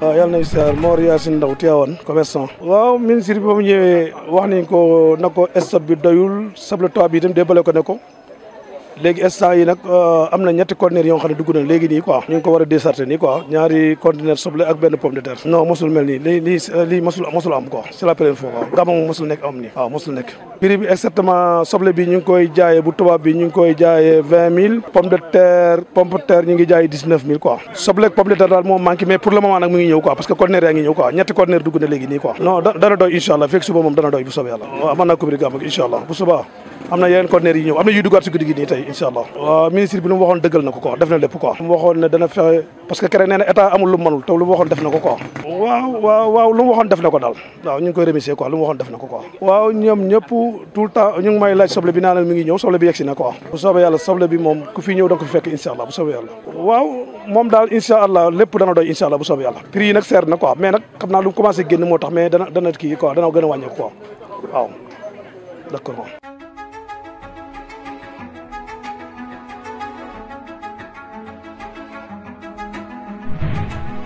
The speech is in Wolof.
waaw yàlla na isaar Mor Yacine Ndaw Tivaouane commerçant waaw ministre bi ba mu ñëwee wax nañ ko na ko stock bi doyul sable toit bi itam débale ko ne ko léegi instant yi nag euh, am na ñetti conteneur yoo xam ne na léegi nii quoi ñu ko war a déserté nii quoi ñaari conteneur soble ak benn pomme de terre non mosul mel nii lii lii euh, lii mosul mosul am quoi c'est la première fois quoi gàmmu mosul nekk am nii waaw mosul nekk prix bi exactement soble bi ñu ngi koy jaayee bu tubaab bi ñu ngi koy jaayee vingt mille pomme de terre pomme de terre ñu ngi dix neuf mille quoi soble ak de terre daal moo manqué mais pour le moment nag mu ngi ñëw am na yeneen conteneurs yi ñëw am na yuy duggaat si guddi nii tey incha allah euh, ministre bi lu mu waxoon dëggal na ko quoi def na lépp ko quoi waaw waaw waaw lu mu waxoon def na ko daal ñu ngi koy remercier quoi lu def na ko quoi waaw ñoom ñëpp tout naa ngi ñëw soble bi yegsi na quoi bu soobee yàlla soble bi moom ku fi ñëw da nga ko fi fekk incha na quoi mais nag xam naa lu mu commencé génn tax mais dana dana kii quoi dana gën a wàññeeku quoi waaw d'accord Thank you.